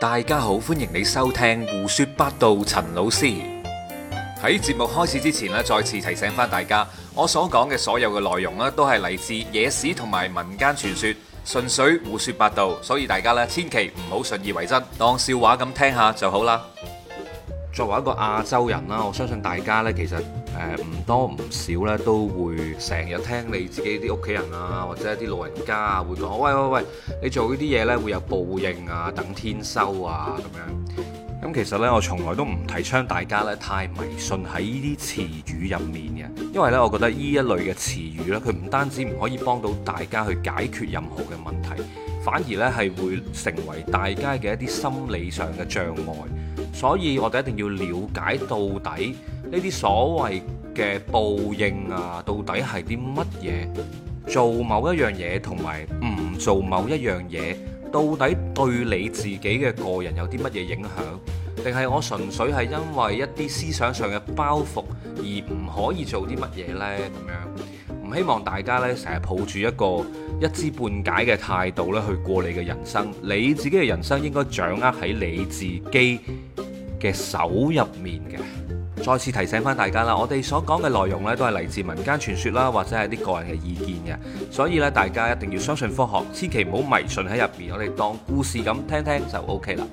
大家好，歡迎你收聽胡說八道。陳老師喺節目開始之前呢，再次提醒返大家，我所講嘅所有嘅內容呢，都係嚟自野史同埋民間傳說，純粹胡說八道，所以大家呢，千祈唔好信以為真，當笑話咁聽下就好啦。作為一個亞洲人啦，我相信大家呢，其實。誒唔多唔少咧，都會成日聽你自己啲屋企人啊，或者啲老人家啊，會講：喂喂喂，你做呢啲嘢咧，會有報應啊，等天收啊咁樣。咁其實呢，我從來都唔提倡大家咧太迷信喺呢啲詞語入面嘅，因為呢，我覺得呢一類嘅詞語呢，佢唔單止唔可以幫到大家去解決任何嘅問題，反而呢係會成為大家嘅一啲心理上嘅障礙。所以我哋一定要了解到底呢啲所謂嘅報應啊，到底係啲乜嘢？做某一樣嘢同埋唔做某一樣嘢，到底對你自己嘅個人有啲乜嘢影響？定係我純粹係因為一啲思想上嘅包袱而唔可以做啲乜嘢呢？咁樣唔希望大家呢，成日抱住一個一知半解嘅態度咧去過你嘅人生。你自己嘅人生應該掌握喺你自己嘅手入面嘅。再次提醒翻大家啦，我哋所講嘅內容咧都係嚟自民間傳說啦，或者係啲個人嘅意見嘅，所以咧大家一定要相信科學，千祈唔好迷信喺入邊，我哋當故事咁聽聽就 OK 啦。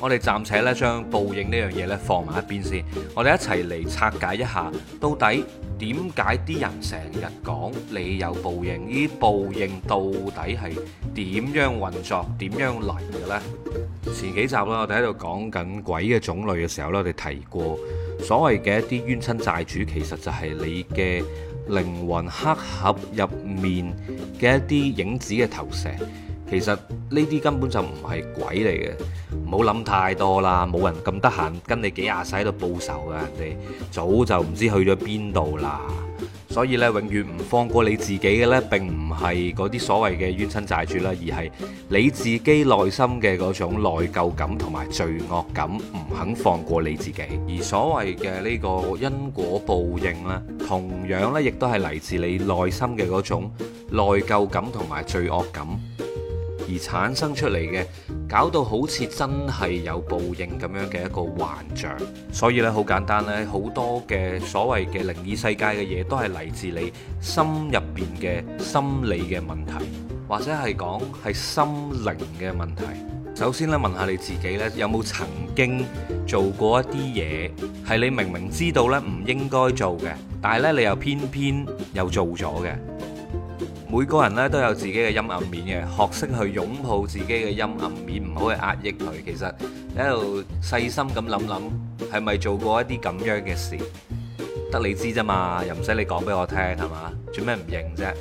我哋暫且咧將報應呢樣嘢咧放埋一邊先，我哋一齊嚟拆解一下到底。點解啲人成日講你有報應？呢報應到底係點樣運作、點樣嚟嘅咧？前幾集啦，我哋喺度講緊鬼嘅種類嘅時候咧，我哋提過所謂嘅一啲冤親債主，其實就係你嘅靈魂黑盒入面嘅一啲影子嘅投射。其實呢啲根本就唔係鬼嚟嘅，唔好諗太多啦。冇人咁得閒，跟你幾廿世喺度報仇嘅，人哋早就唔知去咗邊度啦。所以呢，永遠唔放過你自己嘅呢，並唔係嗰啲所謂嘅冤親債主啦，而係你自己內心嘅嗰種內疚感同埋罪惡感，唔肯放過你自己。而所謂嘅呢個因果報應呢，同樣呢，亦都係嚟自你內心嘅嗰種內疚感同埋罪惡感。而產生出嚟嘅，搞到好似真係有報應咁樣嘅一個幻象。所以咧，好簡單咧，好多嘅所謂嘅靈異世界嘅嘢，都係嚟自你心入邊嘅心理嘅問題，或者係講係心靈嘅問題。首先咧，問下你自己呢有冇曾經做過一啲嘢，係你明明知道呢唔應該做嘅，但係呢，你又偏偏又做咗嘅？每個人咧都有自己嘅陰暗面嘅，學識去擁抱自己嘅陰暗面，唔好去壓抑佢。其實你喺度細心咁諗諗，係咪做過一啲咁樣嘅事？得你知咋嘛，又唔使你講俾我聽係嘛？做咩唔認啫？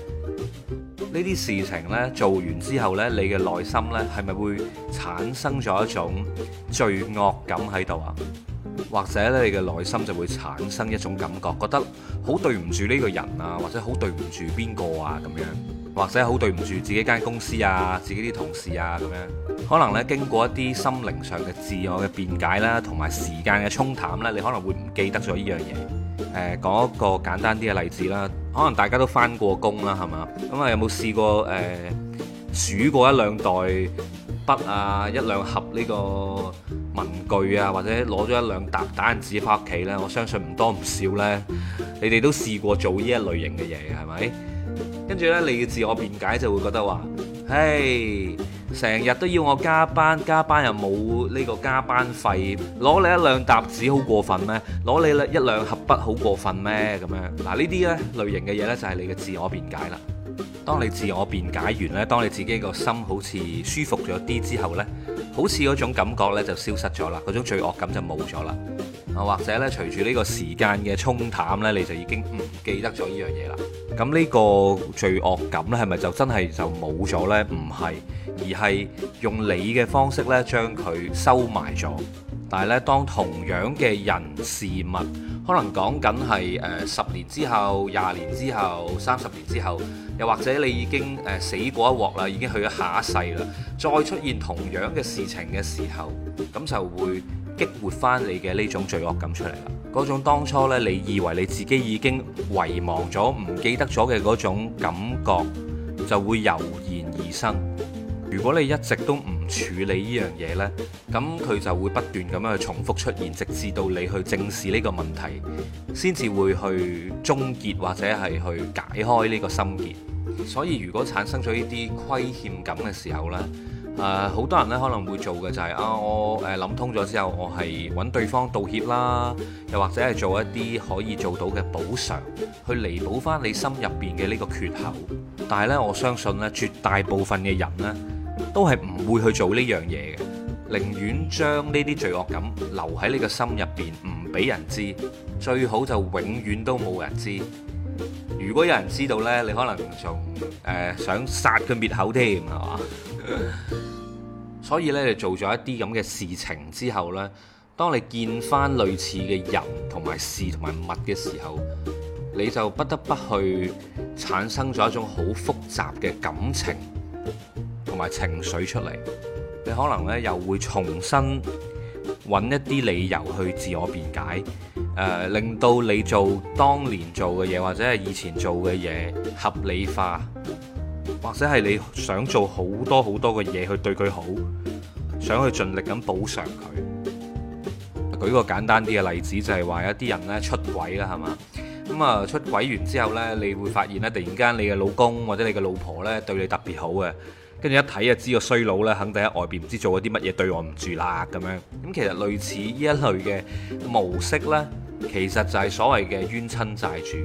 呢啲事情咧做完之後咧，你嘅內心咧係咪會產生咗一種罪惡感喺度啊？或者咧，你嘅內心就會產生一種感覺，覺得好對唔住呢個人啊，或者好對唔住邊個啊咁樣，或者好對唔住自己間公司啊、自己啲同事啊咁樣。可能咧，經過一啲心靈上嘅自我嘅辯解啦，同埋時間嘅沖淡呢，你可能會唔記得咗呢樣嘢。誒、呃，講一個簡單啲嘅例子啦，可能大家都返過工啦，係嘛？咁、嗯、啊，有冇試過誒、呃，煮過一兩袋筆啊，一兩盒呢、這個？文具啊，或者攞咗一兩沓打印紙翻屋企咧，我相信唔多唔少呢。你哋都試過做呢一類型嘅嘢，係咪？跟住呢，你嘅自我辯解就會覺得話：唉，成日都要我加班，加班又冇呢個加班費，攞你一兩沓紙好過分咩？攞你一兩盒筆好過分咩？咁樣嗱，呢啲呢類型嘅嘢呢，就係你嘅自我辯解啦。當你自我辯解完呢，當你自己個心好似舒服咗啲之後呢。好似嗰種感覺呢就消失咗啦，嗰種罪惡感就冇咗啦。啊，或者呢，隨住呢個時間嘅沖淡呢，你就已經唔記得咗呢樣嘢啦。咁呢個罪惡感是是呢，係咪就真係就冇咗呢？唔係，而係用你嘅方式呢，將佢收埋咗。但係咧，當同樣嘅人事物，可能講緊係誒十年之後、廿年之後、三十年之後，又或者你已經誒、呃、死過一鑊啦，已經去咗下一世啦，再出現同樣嘅事情嘅時候，咁就會激活翻你嘅呢種罪惡感出嚟啦。嗰種當初咧，你以為你自己已經遺忘咗、唔記得咗嘅嗰種感覺，就會油然而生。如果你一直都唔，處理呢樣嘢呢，咁佢就會不斷咁樣去重複出現，直至到你去正視呢個問題，先至會去終結，或者係去解開呢個心結。所以如果產生咗呢啲虧欠感嘅時候、呃、呢，誒好多人咧可能會做嘅就係、是、啊，我誒諗、呃、通咗之後，我係揾對方道歉啦，又或者係做一啲可以做到嘅補償，去彌補翻你心入邊嘅呢個缺口。但係呢，我相信咧絕大部分嘅人呢，都係唔會去做呢樣嘢嘅，寧願將呢啲罪惡感留喺你個心入邊，唔俾人知，最好就永遠都冇人知。如果有人知道呢，你可能仲誒、呃、想殺佢滅口添，係嘛？所以呢，你做咗一啲咁嘅事情之後呢，當你見翻類似嘅人同埋事同埋物嘅時候，你就不得不去產生咗一種好複雜嘅感情。同埋情緒出嚟，你可能咧又會重新揾一啲理由去自我辯解，誒、呃、令到你做當年做嘅嘢，或者係以前做嘅嘢合理化，或者係你想做好多好多嘅嘢去對佢好，想去盡力咁補償佢。舉個簡單啲嘅例子，就係、是、話一啲人咧出軌啦，係嘛？咁啊出軌完之後呢，你會發現咧，突然間你嘅老公或者你嘅老婆咧對你特別好嘅。跟住一睇就知個衰佬呢，肯定喺外邊唔知做咗啲乜嘢對我唔住啦咁樣。咁其實類似呢一類嘅模式呢，其實就係所謂嘅冤親債主。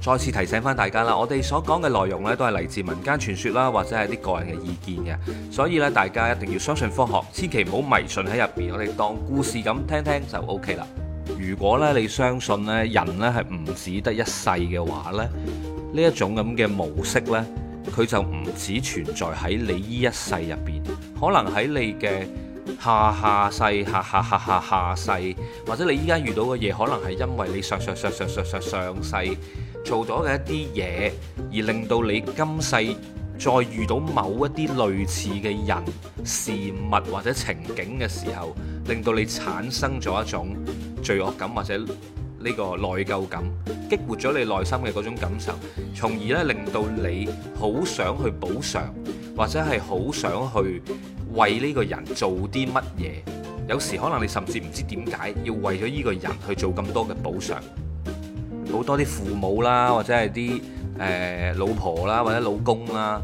再次提醒返大家啦，我哋所講嘅內容呢，都係嚟自民間傳說啦，或者係啲個人嘅意見嘅。所以呢，大家一定要相信科學，千祈唔好迷信喺入邊。我哋當故事咁聽聽就 OK 啦。如果咧你相信呢人呢係唔只得一世嘅話呢，呢一種咁嘅模式呢。佢就唔只存在喺你呢一世入邊，可能喺你嘅下下世、下下下下下世，或者你依家遇到嘅嘢，可能係因為你上上上上上上世做咗嘅一啲嘢，而令到你今世再遇到某一啲類似嘅人、事物或者情景嘅時候，令到你產生咗一種罪惡感或者。呢個內疚感激活咗你內心嘅嗰種感受，從而咧令到你好想去補償，或者係好想去為呢個人做啲乜嘢。有時可能你甚至唔知點解要為咗呢個人去做咁多嘅補償。好多啲父母啦，或者係啲誒老婆啦，或者老公啦，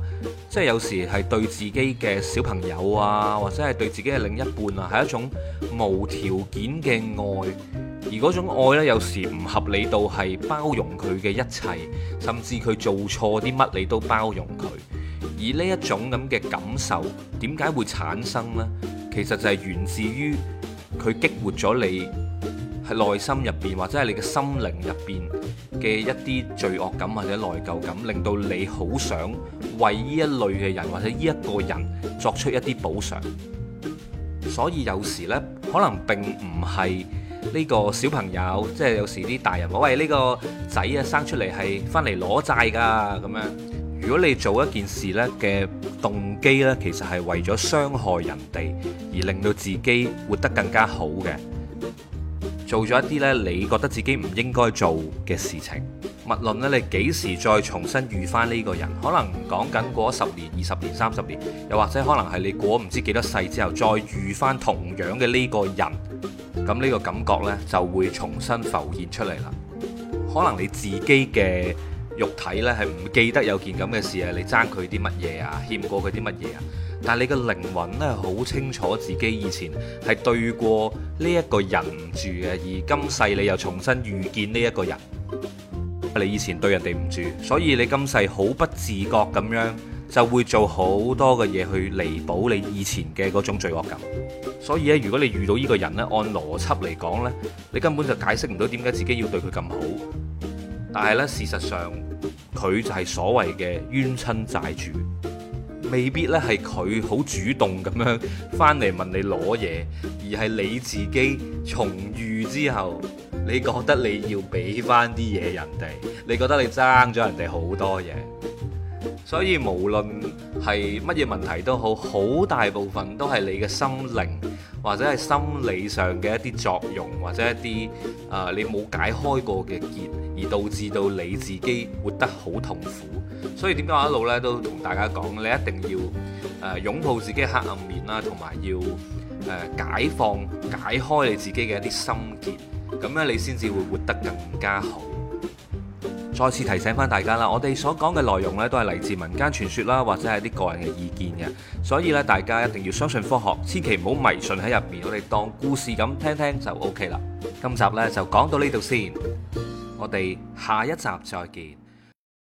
即係有時係對自己嘅小朋友啊，或者係對自己嘅另一半啊，係一種無條件嘅愛。而嗰種愛呢，有時唔合理到係包容佢嘅一切，甚至佢做錯啲乜你都包容佢。而呢一種咁嘅感受，點解會產生呢？其實就係源自於佢激活咗你喺內心入邊或者係你嘅心靈入邊嘅一啲罪惡感或者內疚感，令到你好想為呢一類嘅人或者呢一個人作出一啲補償。所以有時呢，可能並唔係。呢個小朋友，即係有時啲大人話，喂，呢個仔啊，生出嚟係翻嚟攞債㗎咁樣。如果你做一件事呢嘅動機呢，其實係為咗傷害人哋，而令到自己活得更加好嘅，做咗一啲呢，你覺得自己唔應該做嘅事情。無論呢，你幾時再重新遇翻呢個人，可能講緊過十年、二十年、三十年，又或者可能係你過唔知幾多世之後，再遇翻同樣嘅呢個人。咁呢個感覺呢，就會重新浮現出嚟啦。可能你自己嘅肉體呢，係唔記得有件咁嘅事啊，你爭佢啲乜嘢啊，欠過佢啲乜嘢啊，但係你嘅靈魂呢，好清楚自己以前係對過呢一個人唔住嘅，而今世你又重新遇見呢一個人，你以前對人哋唔住，所以你今世好不自覺咁樣。就會做好多嘅嘢去彌補你以前嘅嗰種罪惡感，所以咧，如果你遇到呢個人咧，按邏輯嚟講咧，你根本就解釋唔到點解自己要對佢咁好。但係咧，事實上佢就係所謂嘅冤親債主，未必咧係佢好主動咁樣返嚟問你攞嘢，而係你自己重遇之後，你覺得你要俾返啲嘢人哋，你覺得你爭咗人哋好多嘢。所以無論係乜嘢問題都好，好大部分都係你嘅心靈或者係心理上嘅一啲作用，或者一啲誒、呃、你冇解開過嘅結，而導致到你自己活得好痛苦。所以點解我一路咧都同大家講，你一定要誒、呃、擁抱自己黑暗面啦，同埋要誒、呃、解放、解開你自己嘅一啲心結，咁樣你先至會活得更加好。再次提醒翻大家啦，我哋所講嘅內容呢都係嚟自民間傳說啦，或者係啲個人嘅意見嘅，所以呢大家一定要相信科學，千祈唔好迷信喺入面。我哋當故事咁聽聽就 OK 啦。今集呢，就講到呢度先，我哋下一集再見。